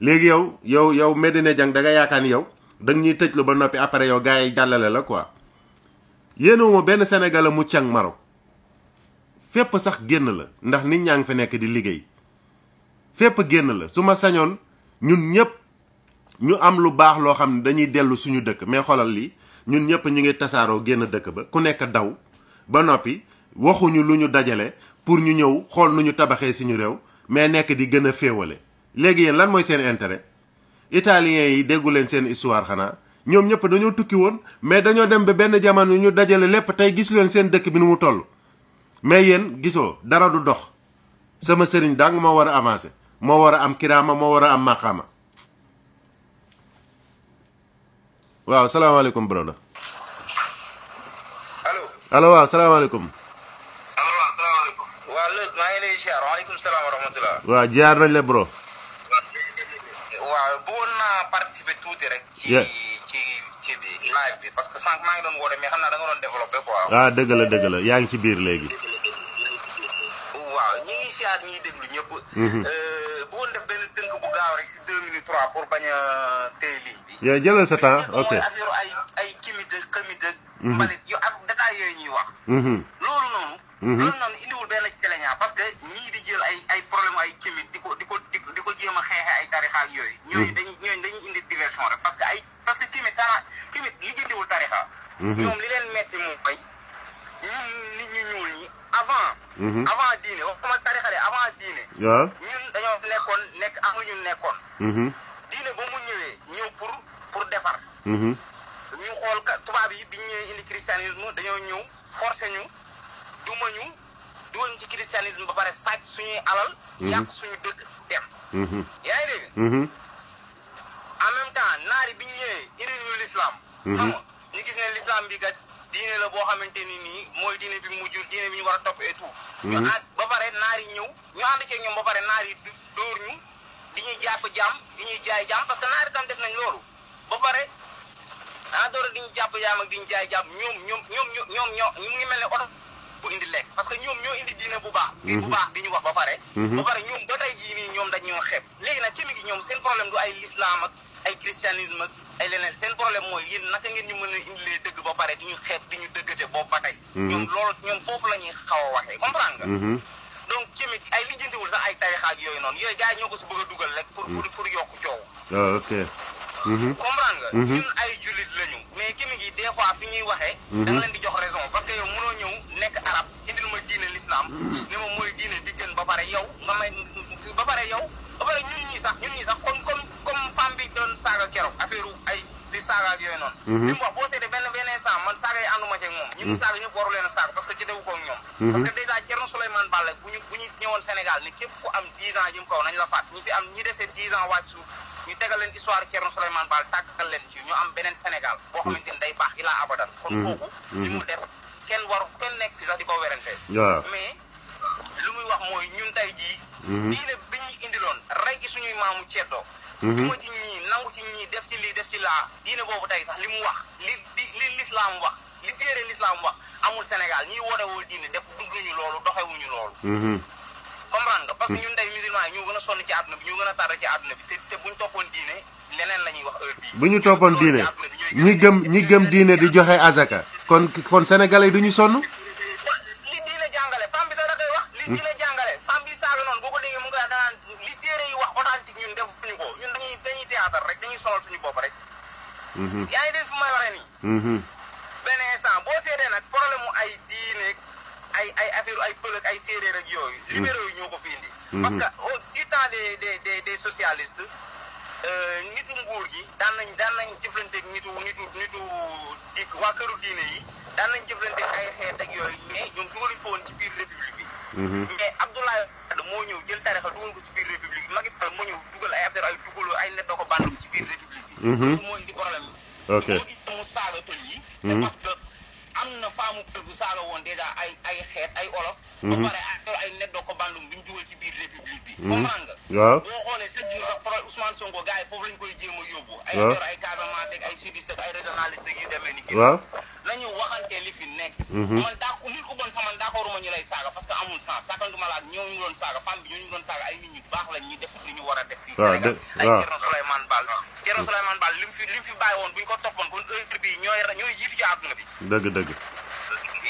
léegi yow yow yow Medina Jang da nga yaakaar ni yow da ñuy tëjlu ba noppi après yow gars yi jàllale la quoi yéenewuma benn Sénégalais mu càng Maroc fépp sax génn la ndax nit ñaa ngi fi nekk di liggéey fépp génn la su ma sañoon ñun ñëpp ñu am lu baax loo xam ne dañuy dellu suñu dëkk mais xoolal lii ñun ñëpp ñu ngi tasaaroo génn dëkk ba ku nekk daw ba noppi waxuñu lu ñu dajale pour ñu ñëw xool nu ñu tabaxee suñu réew mais nekk di gën a féewale léegi yéen lan mooy seen intérêt italiens yi déggu leen seen histoire xanaa ñoom ñëpp dañoo tukki woon mais dañoo dem ba benn jamono ñu dajale lépp tey gis leen seen dëkk bi nu mu toll mais yéen gisoo dara du dox sama sëriñ dang moo war a avancé moo war a am kiraama moo war a am maqaama waaw salaamaaleykum broda allo allo waaw salaamaaleykum allo nañ la bro participer tuuti rek. ci ci ci bi live bi parce que sànq maa ngi doon woote mais xam da nga quoi. E, ah dëgg la e, dëgg la e. yaa ci biir léegi. waaw ñi ngi bu woon def benn tënk bu gaaw rek si deux minutes trois pour bañ a téye ligne bi. sa temps ok ay ay kimi de, këmi dëg. mbalit yu ak détail yooyu ñuy wax. Mhm. loolu noonu. Mhm. loolu noonu indiwul benn celeñaa parce que ñii di jël ay ay problème ay kimi di ko di ko di ko jéem a xeexe ay élection parce que ay parce que kimit sana kimit li jëndiwul tarixa mhm. ñoom li leen metti moom bay ñun nit ñu ñuul ñi avant mhm. avant diine waxuma tarixa de avant diine waaw ñun dañoo nekkoon nekk am ñu nekkoon mhm. diine ba mu ñëwee ñëw pour pour defar ñu xool ka tubaab yi bi ñu ñëwee indi christianisme dañoo ñëw forcé ñu duma ñu dugal ci christianisme ba pare sàcc suñuy alal yàq suñu dëkk dem yaa ngi ba pare ñoom ba tey jii nii ñoom dañ ñoo xeeb léegi nag tamit ñoom seen problème du ay l'islam ak ay christianisme ay leneen seen problème mooy yéen naka ngeen ñu mën a indilee dëgg ba pare di ñu xeeb di ñu dëggate boobu ba tey mhm. ñoom loolu ñoom foofu la ñuy xaw a waxee comprendre nga mhm. donc tamit ay lijjantiwul sax ay tarix ak yooyu noonu yooyu gars ñoo ko si bëgg a dugal rek pour pour pour yokk coow ah, ok mhm. comprendre nga ñun ay jullit lañu mais kimi gi des fois fi ñuy waxee da nga leen di jox raison parce que yow mënoo ñëw nekk arab indil ma diine l'islam pare yow nga ba pare yow ba pare ñun ñi sax ñun ñi sax comme comme comme femme bi doon saaga keroog affaire ay di saaga ak yooyu noonu. Mhm. li mu wax boo seetee benn benn sens man saaga yi ànduma ceeg moom. ñi mhm. saaga ñëpp waru leen saaga parce que jëndewu ko ak ñoom. Mhm. parce que dèjà Thierno Souleymane Balla bu ñu bu ñu ñëwoon Sénégal ni képp ku am 10 ans jëm kaw nañ la faat ñu fi am ñi desee 10 ans wàcc suuf ñu tegal leen histoire Thierno Souleymane Balla tàggal leen ñu beneen Sénégal. boo xamante ni day baax ilaa nekk fi sax di muy wax mooy ñun tey jii. Mhm. diine bi ñu indiloon rey ci suñuy maamu ceddoo. Mhm. duma ci ñii nangu ci ñii lii def ci laa diine boobu tey sax li mu wax li li lislaam wax li téere lislaam wax amul Sénégal ñiy wootewoo diine def dunduñu loolu doxewuñu loolu. Mhm. comprendre nga parce que ñun tey musulman yi ñoo gën a sonn ci àdduna bi ñoo gën a tardé ci àdduna bi te te bu ñu toppoon diine leneen la ñuy wax heure bii. bu ñu toppoon diine ñi gëm ñi gëm diine di joxe azaka kon kon sénégalais du ñu sonn. li diine jàngale femme ki la jàngale femme bi saaga noonu boo ko déggee mu ngi koy danaan li téere yi wax authentique ñun defuñu ko ñun dañuy dañuy théâtre rek dañuy sonal ñu bopp rek mhm. yaa ngi dégg fu may waxee nii mhm. boo seetee nag problème mu ay diine ay ay affaire ay pël ay séeréer rek yooyu mhm. libéraux yi ñoo ko fi indi parce que au du temps des des des des socialistes euh, nitu nguur gi daan nañ daan nañ jëflanteeg nitu nitu nitu di waa këru diine yi daan nañ jëflanteeg ay xeet ak yooyu mais ñoom dugaluñ ko woon ci mais mm-hmm. Abdoulaye Wade moo ñëw jël tarixa dugal ko ci biir république bi Macky moo ñëw dugal ay affaire ay dugaloo ay net ko bandum ci biir république bi mm-hmm. loolu moo indi problème ok mu saaga pël yi mm-hmm. c'est parce am na faamu pël bu saaga woon dèjà ay ay xeet ay olof Mhm. ba pare ak ah, ay net doo ko bandum bi mu ci biir république bi mhm. comprendre nga waaw boo xoolee chaque jour sax problème Ousmane Sonko gars yi foofu koy jéem a yóbbu ay dor ay Casamance ak ay sudiste ak ay régionaliste yu demee ni kii waaw nañu waxante li fi nekk mhm. man daa nit ku bon sax man ñu lay saaga parce que amul sens saakantuma laak ñoo ñu doon saaga femme bi ñoo ñu doon saaga ay nit ñu baax lañ ñu def li ñu war a def fii Sénégal ay Thierno Souleymane Ball Thierno mm. Souleymane Ball li fi li woon bu ñu ko bi ñooy ñooy dëgg dëgg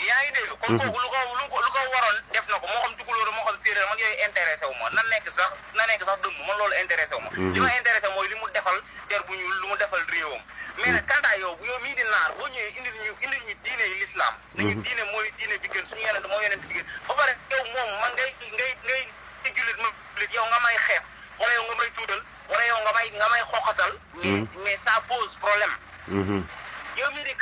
yaa ngi dégg. kon mhm. kooku lu ko lu ko lu waroon def na ko moo xam tukulóor moo xam séeréer man yooyu intéressé wu na nekk sax na nekk sax dëmm man loolu intéressé mhm. li mu defal der bu ñuul lu mu defal réewam. mais nag mhm. yow yow mii di naar boo ñëwee indil ñu indil ñu diine yi l'islam. nañu diine mooy diine bi gën suñu yonent mooy yonent bi gën ba pare yow moom man ngay ngay ngay ci jullit ma jullit yow nga may xeeb wala yow nga may tuutal wala yow nga may nga may xoxatal. mais mais ça pose problème.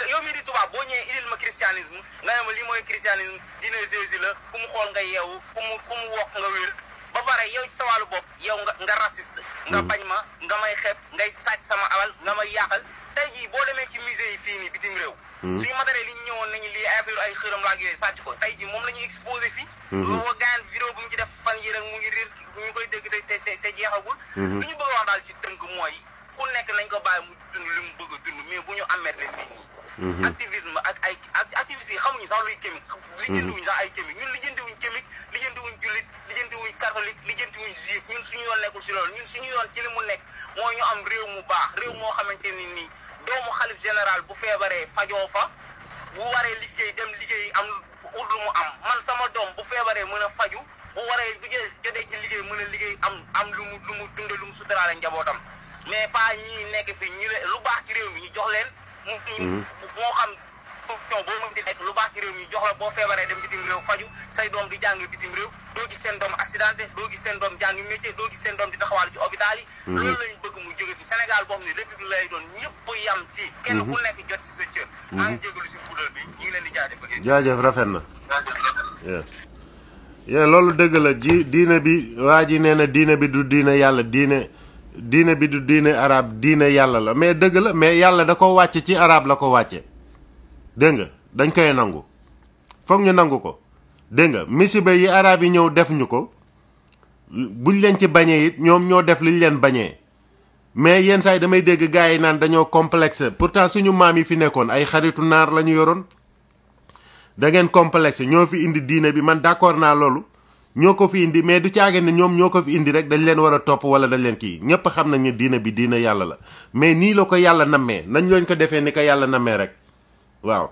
yow mii di tubaab boo ñëwee indil ma christianisme nga ne ma lii mooy christianisme dina Jésus la ku mu xool nga yeewu ku mu ku mu wokk nga wér ba pare yow ci sa wàllu bopp yow nga nga raciste nga mm. bañ ma nga may xeeb ngay sàcc sama alal nga may yàqal tey jii boo demee ci musée yi fii nii bitim réew mm. suñu matériel li ñu ñëwoon nañu lii ay affaire ay xërëm laak yooyu sàcc ko tey ji moom la ñuy exposé fii mm-hmm. loo ko gayan vidéo bu mu ci def fan yi rek mu ngi riir ñu koy dégg te te te jeexagul mm-hmm. li ñu bëgg wax daal ci tënk mooy ku nekk nañ ko bàyyi mu dund li mu bëgg a dund mais ñu amee nit Mm-hmm. activisme ak ay activistes yi xamuñu sax luy chimique mm-hmm. wuñ sax ay chimique ñun lijjantiwuñ chimique lijjantiwuñ jullit lijjantiwuñ catholique lijjantiwuñ juif ñun suñu yoon nekkul si loolu ñun suñu yoon ci li mu nekk moo ñu am réew mu baax réew moo xamante ni nii doomu xalif général bu feebaree fajoo fa bu waree liggéey dem liggéey am lu mu am man sama doom bu feebaree mën a faju bu waree bu jë jotee ci liggéey mën a liggéey am am lu mu lu mu dunde lu mu suturaale njabootam mais pas ñi nekk fii lu baax ci réew mi ñu jox leen Mm-hmm. moo xam fonction boo mën di nekk lu baax ci réew mi jox la boo feebaree dem bitim réew faju say doom di jàng bitim réew doo gis seen doom accidenté doo gis seen doom jàng métier doo gis seen doom di taxawal ci hôpital yi mm-hmm. loolu bëgg mu jóge fi Sénégal boo xam ne lay doon ñëpp yam fii mm-hmm. kenn ku nekk jot ci sa cër maa ngi jégalu si guddal bi ñu ngi leen di jaajëfal rafet na yee loolu dëgg la diine bi waa ji nee na diine bi du diine yàlla diine diine bi du diine arab diine yàlla la mais dëgg la mais yàlla da ko wàcce ci arab la ko wàcce dégg nga dañ koy nangu foog ñu nangu ko dégg nga misiba yi araab yi ñëw def ñu ko buñ leen ci bañee it ñoom ñoo def liñ leen bañee mais yenn saa yi damay dégg gars yi naan dañoo complexe pourtant suñu maam yi fi nekkoon ay xaritu naar la ñu yoroon da ngeen complexe ñoo fi indi diine bi man d'accord naa loolu ñoo ko fi indi mais du caage ne ñoom ñoo ko fi indi rek dañ leen war a topp wala dañ leen kii ñëpp xam nañ ne diina bi diina yàlla la mais nii la ko yàlla nammee nañ lañ ko defee ni ko yàlla nammee rek waaw.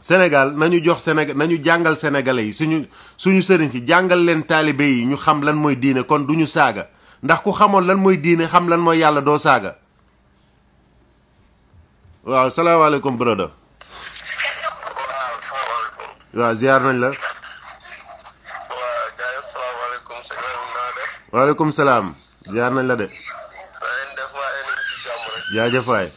senegal nañu jox Sénégal nañu jàngal sénégalais yi suñu suñu sëriñ si jàngal leen taalibe yi ñu xam lan mooy diine kon duñu saaga ndax ku xamoon lan mooy diine xam lan mooy yàlla doo saaga. waaw salaamaaleykum brodo. waaw ziar nañ la. waaleykum salaam. jaar nañ la de. jaajëf waay.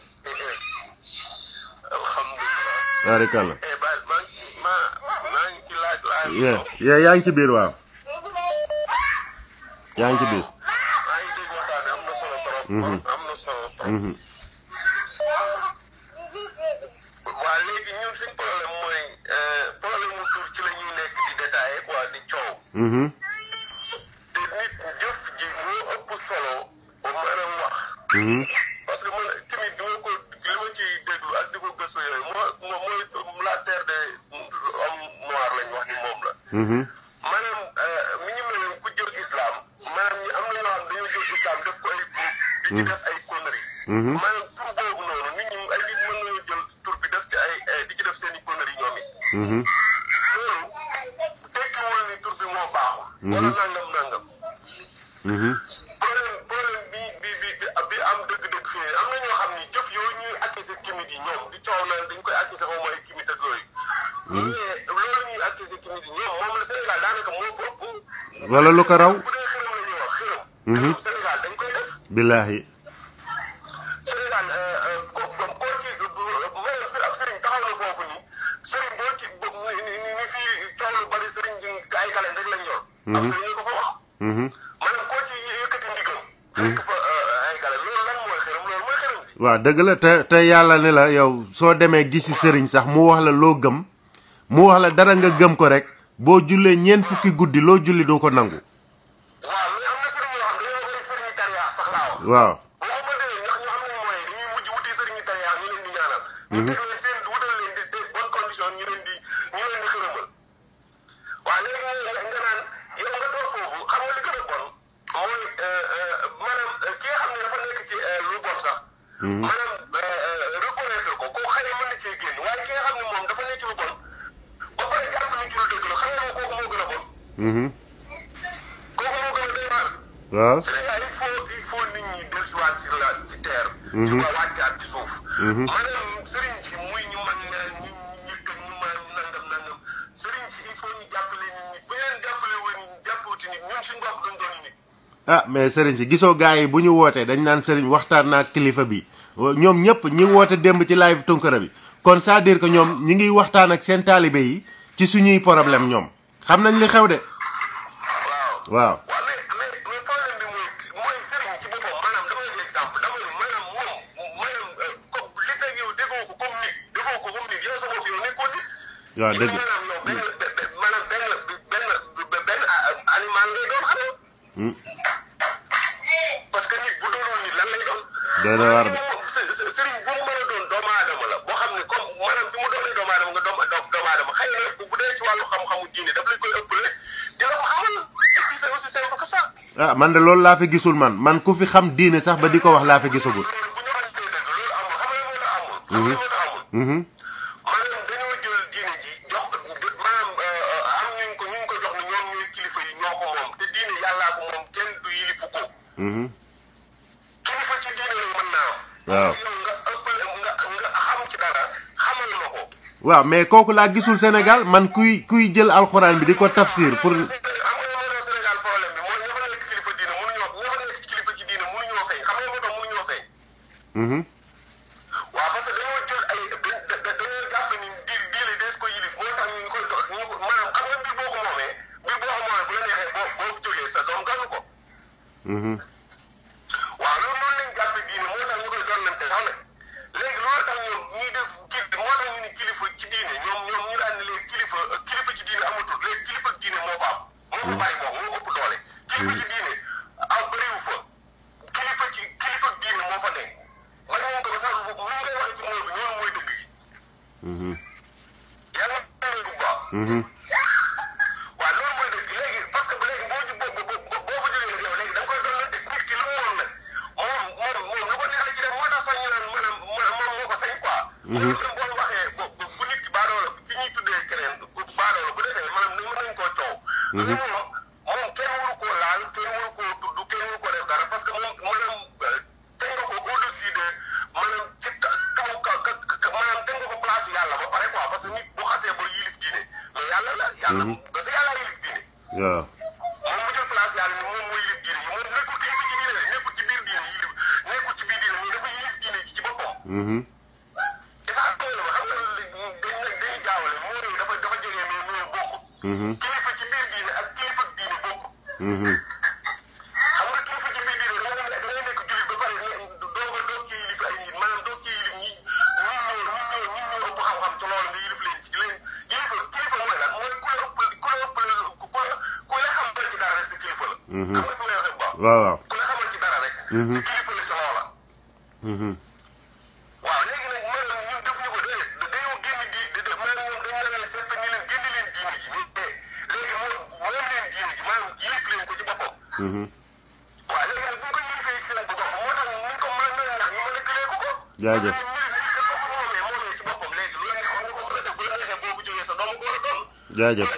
alhamdulilah. yaa yaa ngi ci biir waaw. yaa ngi ci biir. Mhm. Mhm. waaw léegi Hmm. parce que man tamit li ma ko li a ciy déglu ak di ko gëstu yooyu moo mooy la terre de homme noir lañ wax moom la. Hmm. maanaam euh, mi ngi mel ku jël islam maanaam ñi am na ñoo xam dañoo jël islam def ko ay groupe. ci hmm. def ay conneries. maanaam tur boobu noonu nit ñi ay nit mën nañoo jël tur def ci ay di def seen i conneries ñoom it. loolu ni tur moo baaxul. wala nangam nangam. wala lu ko raw. Mhm. billaahi. waaw dëgg la te te yàlla ne la yow soo demee gisi sëriñ sax mu wax la loo gëm mu wax la dara nga gëm ko rek boo jullee ñeent fukki guddi loo julli doo ko nangu. waaw. Mhm. Mhm. ñu ko ah mais sëriñ si gisoo gaa yi bu ñu wootee dañ naan sëriñ waxtaan naa kilifa bi ñoom ñëpp ñi woote démb ci live tunkara bi kon saa à dire ñoom ñi ngi waxtaan ak seen taalibe yi ci suñuy problème ñoom xam nañ li xew de waaw exemple dama ne maanaam moom maanaam euh, comme li nga yow déggoo ko comme nit déggoo ko comme nit yow sa bopp yow nekkoo nit. waaw dëgg la maanaam non benn maanaam benn benn benn animal ngay doon hmm. parce que bu doonul nit Ah, man de loolu laa fi gisul man man ku fi xam diine sax ba di ko wax laa fi gisagul. Mm-hmm. Mm-hmm. Ah, mm-hmm. man mais kooku laa gisul senegal man kuy kuy jël alxuraan bi di ko tafsir pour. Mm-hmm. waaw waaw. ku ne xamal ci dara rek. Mm-hmm. kilifa la ci loola. Mm-hmm. waaw léegi nag man la ñun def ñu ko déedéet dañoo génn di di def maanaam moom dañu la fekk ñu leen génn leen diine ji ñu dee léegi moom moom leen diine ji maanaam yilif leen ko ci boppam. waaw léegi nag bu ñu ko yilifee ci leen ko boppam moo tax ñu ko mën a mën a ñu mën a jëlee ko ko. jaajëf jaajëf.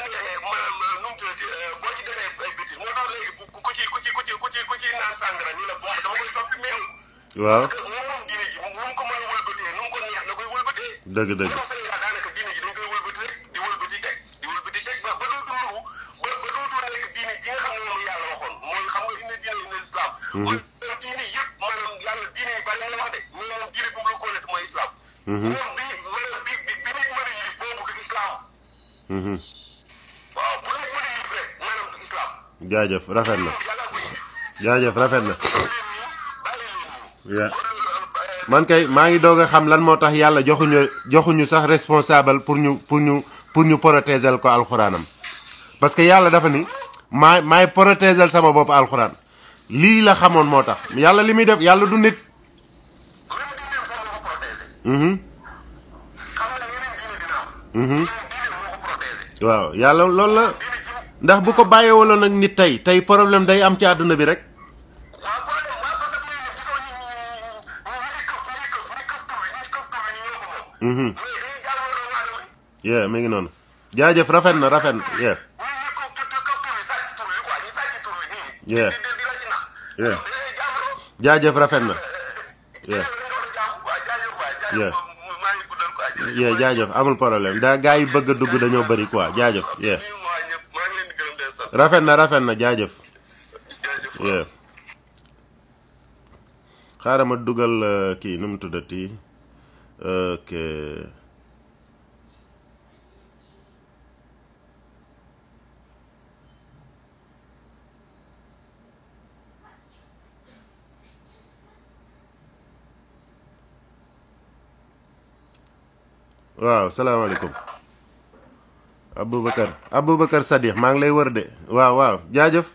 waaw parce que moom diine ji moom ko mën a wëlbatee nu mu ko neex da koy wëlbatee. dëgg dëgg bu toog Sénégal daanaka diine ji dañ koy wëlbati rek di wëlbati teg di wëlbati teg ba dootul nuru ba ba dootul nekk diine ji nga xam ne moom yàlla waxoon mooy xam nga inna mhm. diine inna islam. mooy diine yëpp maanaam yàlla diine yi bari na la wax de maanaam diine bi mu la ko nekk mooy islam. Mhm. moom bi maanaam bi bi bi nit mën a yilif boobu du islam. Mhm. waaw bu nit mën a yilif rek maanaam du islam. jaajëf rafet na jaajëf rafet na. man kay maa ngi doog a xam lan moo tax yàlla joxuñu joxuñu sax responsable pour ñu pour ñu pour ñu protéger ko alxuraanam parce que yàlla dafa ni maa maay protéger sama bopp alxuraan lii la xamoon moo tax yàlla li muy def yàlla du nit. Mhm. Mhm. waaw yàlla loolu la ndax bu ko bàyyeewaloon ak nit tey tey problème day am ci àdduna bi rek. Mhm. yeah mi ngi noonu jaajëf rafet na rafet na yeah yeah yeah jaajëf rafet na yeah yeah yeah jaajëf amul problème daa gaa yi bëgg a dugg dañoo bëri quoi jaajëf yeah rafet na rafet na jaajëf yeah xaaral ma dugal eh, kii nu mu tuddati Oke. Wow, assalamualaikum, Abu Bakar, Abu Bakar ngi lay wër de Wow, waaw jaajëf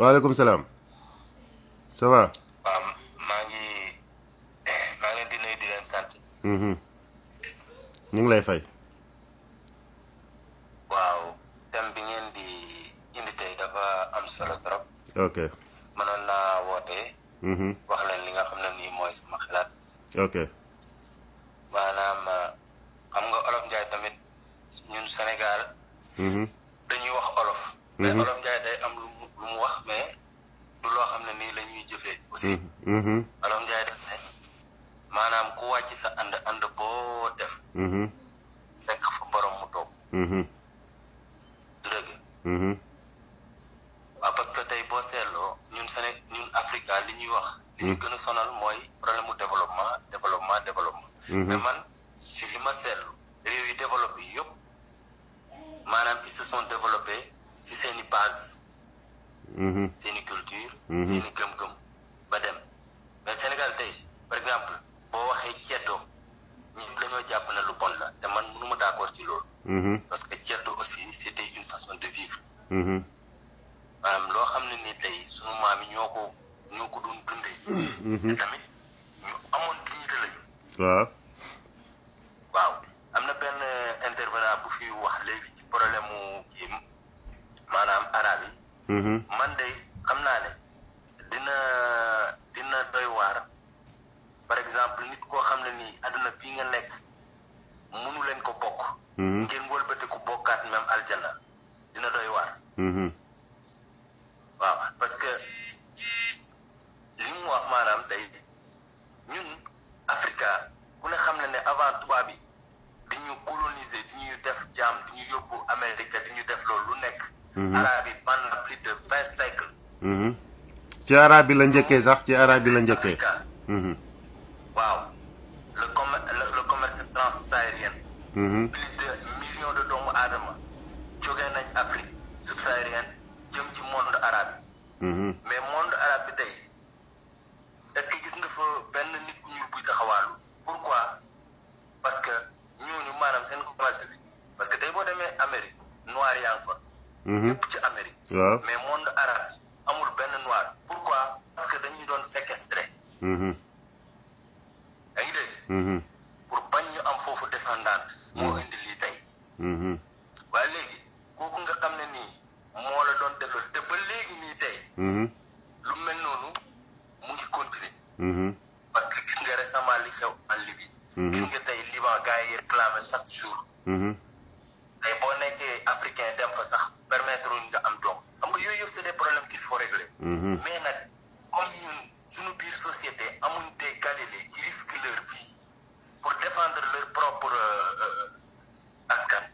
waaleykum salaam ça va Mm-hmm. ñu ngi lay fay. waaw thème bi ngeen di indi tey dafa am solo trop. ok mënoon naa woote. Mm-hmm. wax leen li nga xam ne ni mooy sama xalaat. ok maanaam xam nga olof Njaay tamit ñun Sénégal. Mm-hmm. Mm-hmm. man de xam naa ne dina dina doy waar par exemple nit koo xam ne nii àdduna bii nga nekk mënu leen ko bokk. Mm-hmm. ngeen wëlbate ko bokkaat même aljana dina doy waar. Mm-hmm. ci arab bi la njëkkee sax ci ara bi la njëkkee. Mm-hmm. parce que gis nga récemment li xew en Libye. Mm-hmm. gis nga tey Liban gars yi réclamé chaque jour. Mm-hmm. tey boo nekkee africain dem fa sax permettre u nga am doom xam nga yooyu yëpp c'est des problèmes qu'il faut régler. mais nag comme ñun suñu biir société amuñ des Galiléens qui risquent leur vie pour défendre leur propre euh, askan.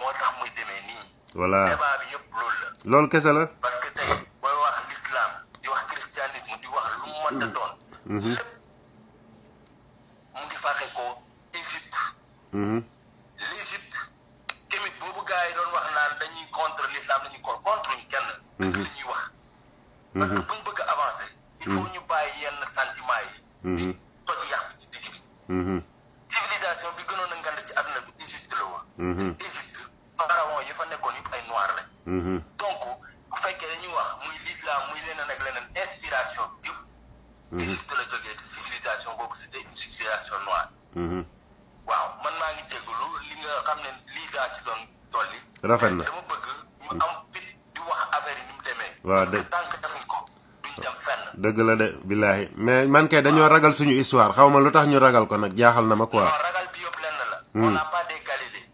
moo tax muy demee nii. voilà débat bi yëpp loolu la. loolu kese la. Mm-hmm. billaahi mais man kay dañoo ragal suñu histoire xaw ma lu tax ñu ragal ko nag jaaxal na ma quoi. ragal bi yëpp lenn la. Hmm. on n'a pas des Galilée.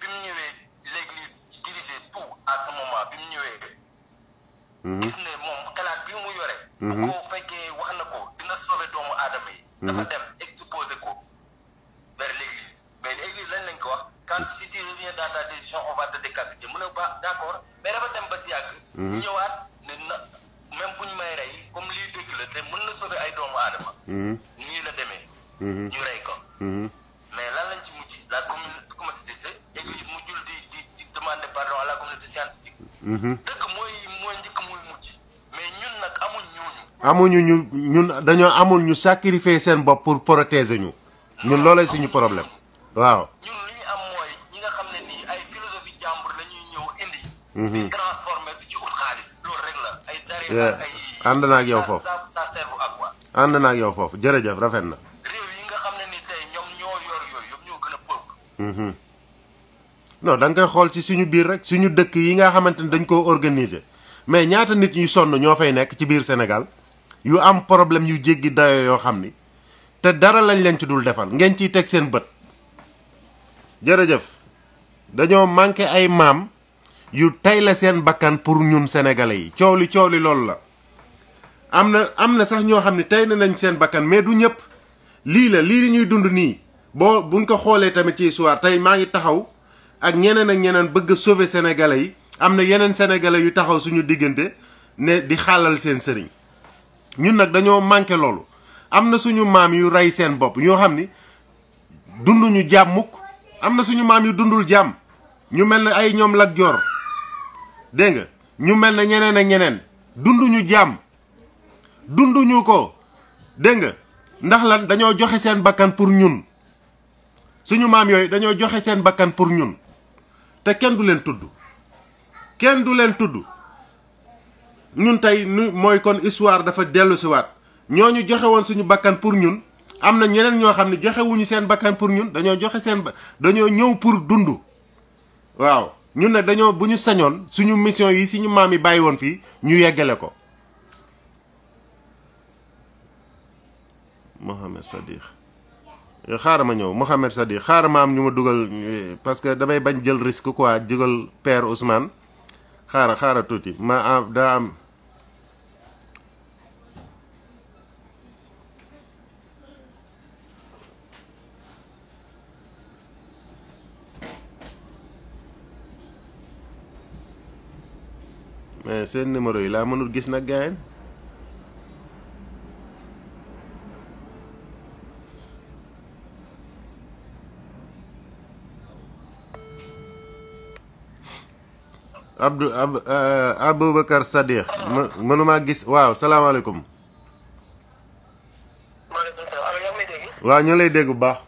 bi mu ñëwee l'église dirigeait tout à bi mu ñëwee. Hmm. gis ne moom xalaat bi mu yore. Hmm. bu ko fekkee wax na ko dina sauver doomu aadama yi. amuñu ñu ñun dañoo amul ñu sacrifier seen bopp pour protéger ñu ñun loolay suñu problème waaw ñun li am mooy ñi nga xam ne nii ay philosophie jàmbur la ñuy ñëw indi mhm. di transformer bi ci ut xaalis loolu rek la ay dare ay ànd naa ak yow foofu ça serve à quoi ànd naa ak yow foofu jërëjëf rafet na réew yi nga xam ne nii tey ñoom ñoo yor yooyu yëpp ñoo gën a pauvre mhm. non da nga koy xool ci suñu biir rek suñu dëkk yi nga xamante ni dañ koo organiser mais ñaata nit ñu sonn ñoo fay nekk ci biir Sénégal yu am problème yu jéggi dayo yoo xam ni te dara lañ leen ci dul defal ngeen ciy teg seen bët jërëjëf dañoo manqué ay maam yu tey la seen bakkan pour ñun sénégalais yi coow li coow loolu la am na am na sax ñoo xam ne tey nañ seen bakkan mais du ñëpp lii la lii li ñuy dund nii boo buñ ko xoolee tamit ci histoire tey maa ngi taxaw ak ñeneen ak ñeneen bëgg sauver sénégalais yi am yeneen sénégalais yu taxaw suñu diggante ne di xaalal seen sëriñ ñun nag dañoo manqué loolu am na suñu maam yu rey seen bopp yoo xam ni dunduñu jàmm mukk am na suñu maam yu dundul jàmm ñu mel ne ay ñoom Lat Joor dégg ñu mel ne ñeneen ak ñeneen dunduñu jàmm dunduñu ko dégg nga ndax lan dañoo joxe seen bakkan pour ñun suñu maam yooyu dañoo joxe seen bakkan pour ñun te kenn du leen tudd kenn du leen tudd ñun tay moy kon histoire dafa delu ci wat ñoñu joxe won suñu bakkan pour ñun amna ñeneen ño xamni ne wuñu seen bakkan pour ñun dañoo joxe seen ba dañoo ñew pour dundu waaw ñun ne dañoo buñu ñu sañoon suñu mission yi suñu mami bayi won fi ñu yeggale ko mohammed sadiq xaaral ma ñëw sadiq xaaral ma am ñuma duggal parce que damay bañ jël risque quoi jugal père ousmane xaaral tuti ma ah, da am mais eh, seen numéro yi laa mënul gis nag gaayen Abdou ab eh, Aboubacar Sadiq mënuma gis waaw salam salaamaaleykum. wa ñu lay dégg bu baax.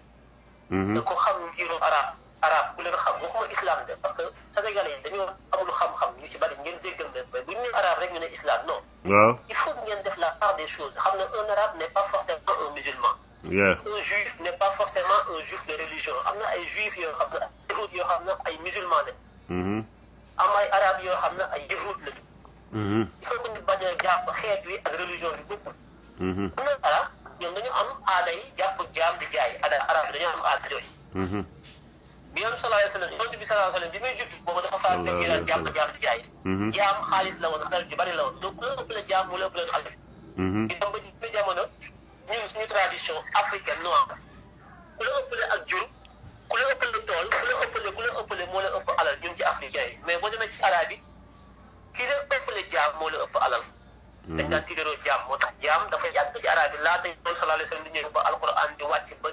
da mm-hmm. ko xam ngirum arab arab ku xam islam de parce que sénégalais yi dañoo amul xam-xam ñu si bari ngeen jéggal leen mais bu islam non. waaw il faut ngeen la part des choses xam ne un arabe n'est pas forcément un musulman. un juif n'est pas forcément un juif de religion am na ay juif yoo xam ne ay yahud yoo xam ne ay musulman lañ. Mm-hmm. am ay arabe yoo xam ne ay yahud lañ. Mm-hmm. il faut que ñu bañ a jàpp xeet wi ak religion bi bokkul. am na arab ñoom dañu am aada yi jàpp jaam di jaay aada arab bi dañoo am aada yooyu. Mhm. bi yoon sallallahu alayhi wa sallam yonent bi sallallahu alayhi wa sallam bi muy judd boobu dafa faat fekk daal jàpp jaam di jaay. Mhm. jaam xaalis la woon alal ju bari la woon donc ku la ëpp la jaam mhm. tradition africaine noire ku la ëppale ak jur tool ku la ëppale ku moo la ëpp alal ñun ci africain yi mais boo demee ci arabe yi ki la jaam moo la ëpp alal. Mm-hmm. dañ daan tiitaroo jaam moo tax jaam dafa yàgg ci araab yi laata yoon sallallahu alayhi wa sallam di ñëw ba alquran di wàcc ba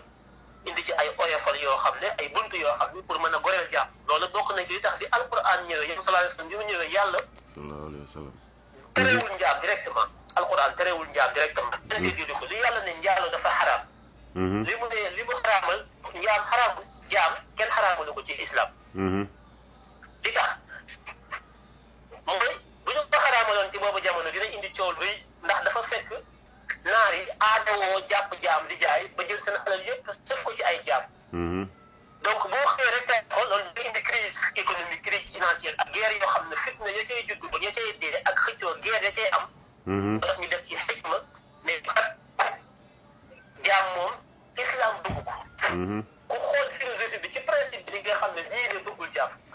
indi ci ay oyofal yoo xam ne ay bunt yoo xam ne pour mën a goreel jaam loolu bokk na ci li tax di alquran ñëwee yoon sallallahu alayhi wa sallam di mu ñëwee yàlla terewul njaam directement alquran terewul njaam directement interdit mm-hmm. ko li yàlla ne njaaloo dafa xaraam mm-hmm. li mu ne li mu xaraamal njaam xaraamul jaam kenn xaraamalu ko ci islam li tax mooy bu ñu amaloon ci boobu jamono dina indi coow luy ndax dafa fekk naar yi aadawoo jàpp jaam di jaay ba jël seen alal yëpp sëf ko ci ay jaam. Mhm. donc boo xëyee rek tey ko loolu dina indi crise économique crise financière ak yoo xam ne fitna ya cay judd ba ya cay dee ak xëccoo guerre ya cay am. Mhm. ba tax ñu def ci xikma mais kat jaam moom islam dugg ko. Mhm. ku xool philosophie bi ci principe bi nga xam ne diine bëggul jàpp.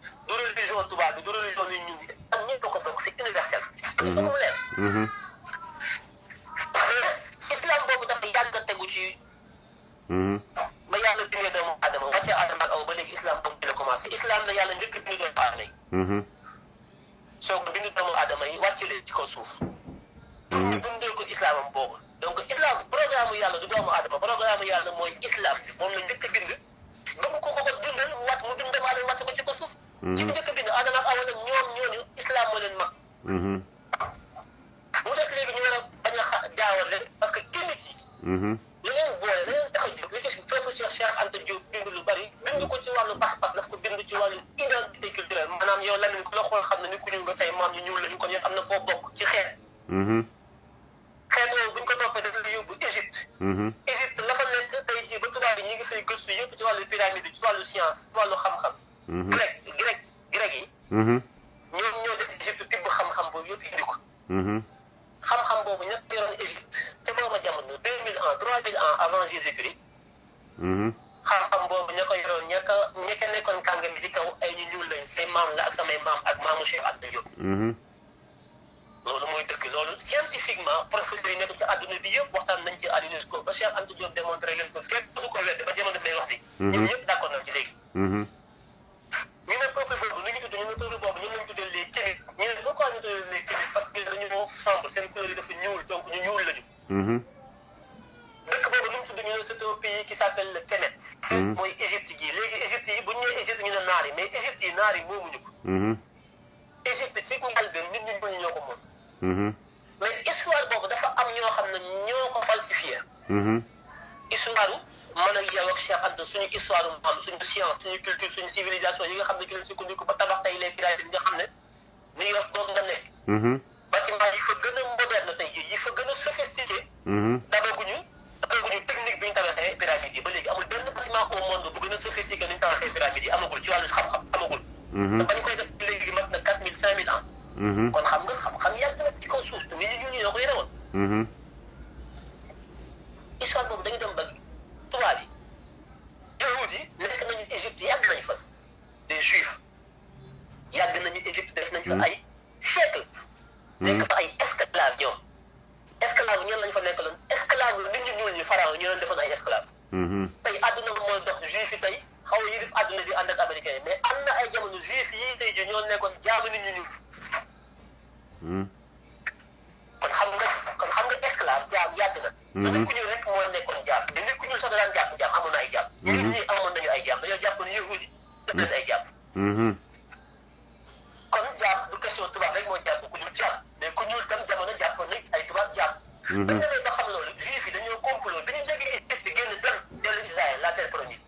du religion tubaab bi du religion nit ñi am ñëpp ko bokk c'est universel. Mhm. il mhm. islam boobu dafa yàgg a tegu ci. Mhm. ba yàlla bindee doomu aadama ba léegi islam boobu la commencé yàlla njëkk bind doomu aadama yi. soo ko bind leen ci kaw suuf. ñu dundee ko islamam boobu donc islam programme yàlla du doomu aadama programme ba mu ko ko ko dundal mu wat mu bind doomu aadama ko ci kaw ci mu njëkk bind Adama ak ñoom ñooñu islam moo leen mag. Mm-hmm. mu des léegi ñu war a bañ a jaawale parce que kenn ci. lu leen boole lu leen tax a jóg li ci professeur Cheikh Anta Diop bind lu bari bind ko ci wàllu pas-pas daf ko bind ci wàllu identité culturelle maanaam yow Lamine ku la xool xam ne ni ku ñuul nga say maam ñu ñuul lañu kon yéen am na foo bokk ci xeet. Mm-hmm. xeet yooyu bu ñu ko toppee dafa la yóbbu Égypte. Mm-hmm. Égypte la fa nekk tey ba tubaab yi ñu ngi fay gëstu yëpp ci wàllu pyramide ci wàllu science ci wàllu xam-xam. Mm-hmm. grec grec grec yi. Mm-hmm. ñoom ñoo def Égypte tibb xam-xam boobu yëpp indi ko. Mm-hmm. xam-xam boobu ña ko yoroon Égypte ca booba jamono deux mille ans trois mille ans avant Jésus-Christ. xam-xam boobu ña ko yoroon ña ko ña ca nekkoon kàngam ci kaw ay ñu ñuul lañ say maam la ak samay maam ak maamu Cheikh Anta Diop. loolu mooy dëkk loolu scientifiquement professeurs yi nekk ci àdduna bi yëpp waxtaan nañ ci à l'UNESCO ba Cheikh Anta Diop démontré leen ko fekk ko wedd ba jamono bi wax bi. ñun ñëpp d'accord ci léegi. Mm-hmm. dëkk boobu nu mu tudd ñu ne c'est un pays qui s'appelle le Ténet mm-hmm. mooy Égypte gii léegi Égypte yi bu ñu nee Égypte ñu ne naar yi mais Égypte yi naar yi moomuñu ko mm-hmm. Égypte ci njëlbeen nit ñi ñuul ñoo ko moom mais histoire boobu dafa am ñoo xam ne ñoo ko falsifié histoire man ak yow ak Cheikh Anta suñu histoire am suñu science suñu culture suñu civilisation yi nga xam ne ki leen sukkandiku tabax tey les pyramides yi nga xam ne New York nga nekk bâtiment yi fa gën a moderne tey jii yi fa gën a sophistiqué. tabaguñu tabaguñu technique bi ñu tabaxee pyramide yi ba léegi amul benn bâtiment au monde bu gën a sophistiqué ni ñu tabaxee pyramide yi amagul ci wàllu xam-xam amagul. te bañ koy def léegi mat na quatre mille cinq mille ans. kon xam nga xam-xam yàgg na ci kaw suuf te nit ñi ñun ñoo ko yore woon. histoire boobu dañu dem ba tubaab yi yahud yi nekk nañu Égypte yàgg nañu fa des juifs yàgg nañu Égypte def nañu fa ay siècle Hmm. nekk fa ay esclave ñoom esclave ñoom lañ fa nekkaloon esclave nit ñu ñuul ñi pharaon ñoo leen defoon ay esclave hmm. tey àdduna mooy dox juif yi tey xaw a yilif àdduna bi ak américain mais am na ay jamono juif yi tey ji ñoo nekkoon jaamu nit ñu ñuul hmm. kon xam nga kon xam nga esclave jaam yàgg na te nit ku ñuul rek nekkoon jaam te nit ku ñuul sax daan amoon na ay jaam nit ñi amoon nañu ay jaam dañoo jàppoon yahudi def leen ay jaam kon jaam du question tubaab rek moo jàpp ku ñu jaam mais ku ñuul tam jamono jàpp ni ay tubaab jàpp. Mhm. ba nga ba xam loolu juif yi dañoo complot bi ñu jógee Égypte génn dem dellu Israël la terre promise.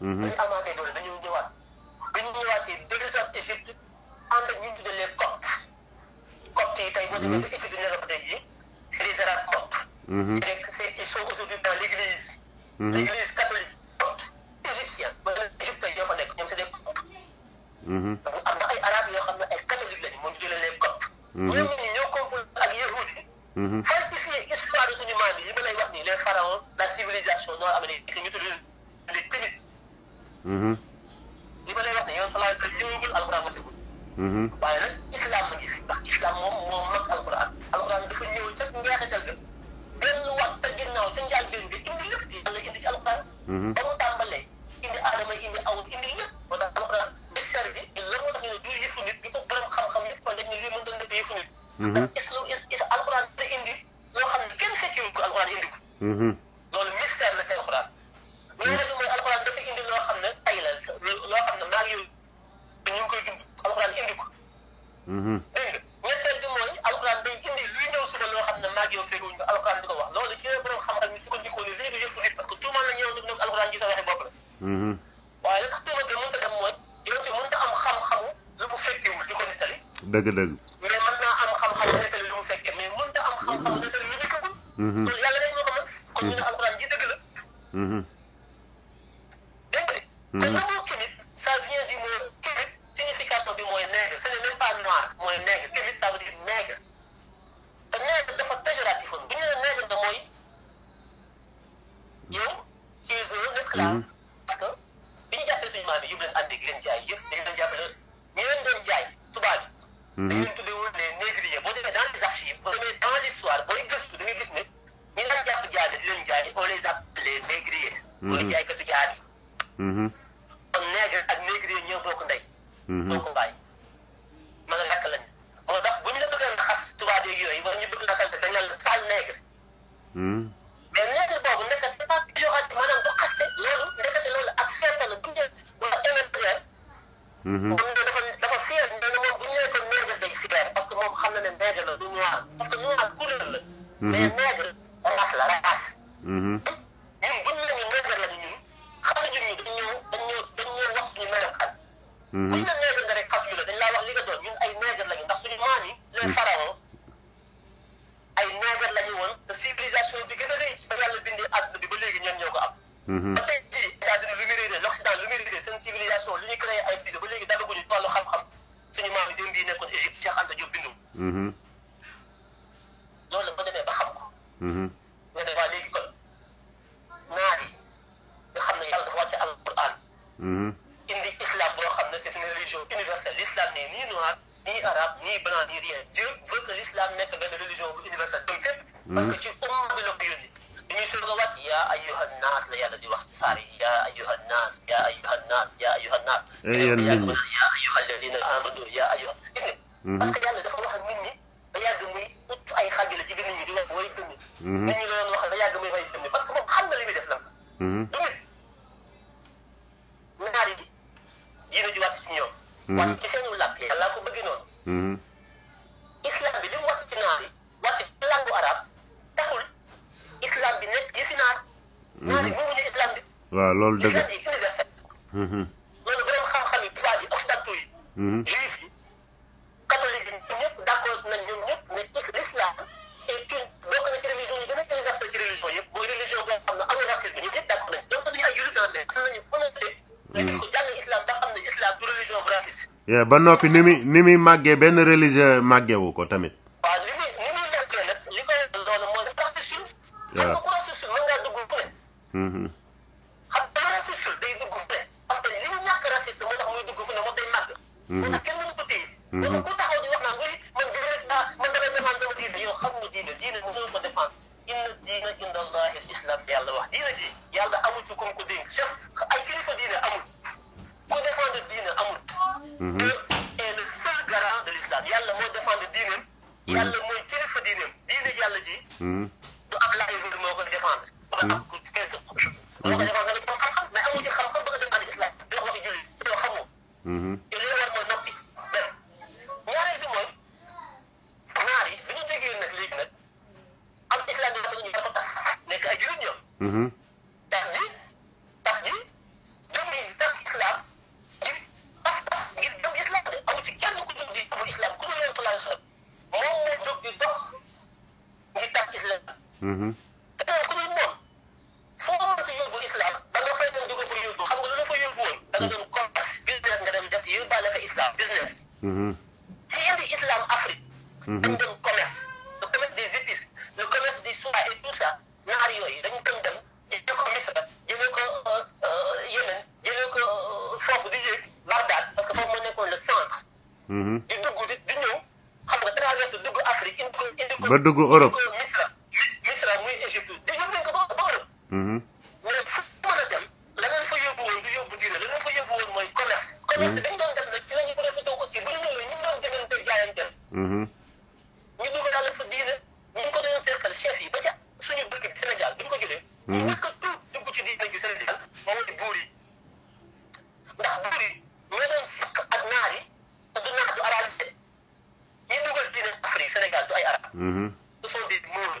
Mhm. bu ñu amaatee doole dañoo ñëwaat bi ñu ñëwaatee dellusiwaat Égypte ànd ak ñu tuddee les coptes coptes yi tey boo demee mhm. ba Égypte ne la ko tey jii c' est des arabes coptes. c' est ils sont aujourd'hui dans l' église. l' église catholique copte égyptienne ba léegi égypte ñoo fa nekk ñoom c' est des coptes. donc am na ay arab yoo xam ne ay catholique lañu moom jëlee leen copt ñoom ñi ñoo compul ak yahud yi falsifier histoire suñu maam yi li ma lay wax nii les pharaons la civilisation nord-américaine ñu tudd les timides li ma lay wax ne yoon salaa sallam ñëwagul alxuraan matagul waaye nag islam ma ngi fi ndax islam moom moom mag alxuraan alxuraan dafa ñëw ca njeexital ga benn waxta ginnaaw ca njaal bi indi lépp yàlla indi ci alxuraan ba mu tàmm is lu is is alxuraan da indi loo xam ne kenn fekkiwul ko alxuraan indi ko. Mm-hmm. loolu mystère la ci alxuraan. loolu nag mooy alxuraan xam ne ay la loo ne maa ngi koy dund alxuraan indi ko. Mm-hmm. dégg nga loo xam ne maa ngi yow fekkiwuñ ko alxuraan di ko wax loolu ci la borom xam-xam ñu sukkandikoo ni léegi yëfu nit a mm-hmm. dem lu mu fekkiwul di ko nettali. dëgg Mm-hmm. uhum. vai. ñi di nga way dund. nit ñi doon wax la yàgg muy way dund parce que moom xam na li muy def la. Mm-hmm. du nit naar yi diina ji wàcc ci ñoom. Mm-hmm. wàcc ci seenu làkk yi yàlla ko bëgg noonu. Mm-hmm. islam bi li mu wàcc ci naar yi wàcc ci langue arabe taxul islam bi nekk yëfi naar. naar yi moomuñu islam bi. waaw loolu dëgg la islam yi universel. loolu borom xam-xam yi tubaab yi occidentaux yi. juif ba noppi ni muy ni muy màggee benn religieux màggewu ko tamit te li nga war mooy noppi benn ñaareel bi mooy naar yi bi ñu déggee nag léegi nag am islam bi dafa ñu nekk ay juróom dugg Mm-hmm. This one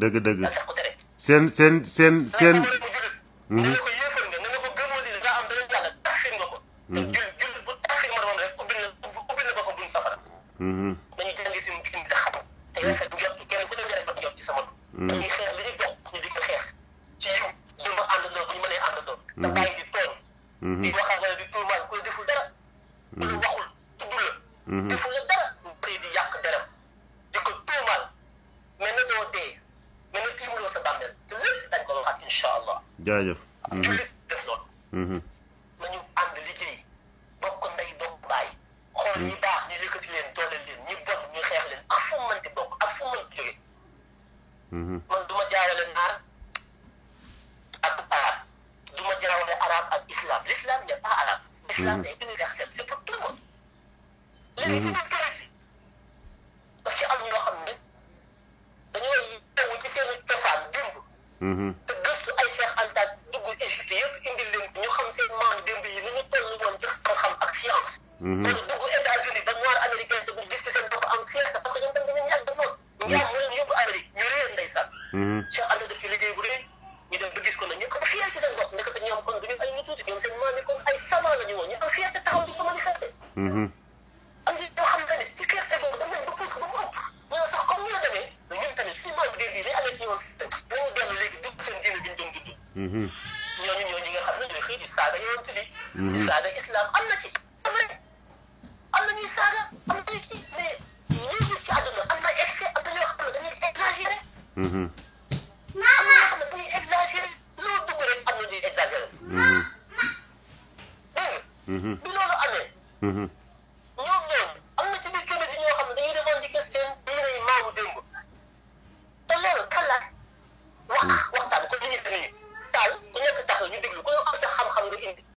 dëgg dëgg seen seen seen seen. jaawale naar ak arabe du ma jaawale arabe ak islam l' islam n' est pas arabe. Mm-hmm. islam est universel le monde. Mm-hmm. léegi ci biir kër gi daf ci am ñoo xam seen i cosaan démb. Mm-hmm. te gëstu ay Cheikh Anta dugg Égypte yëpp indil leen xam seen maam démb yi ni ñu toll woon ci xam-xam ak Cheikh Anta def ci liggéey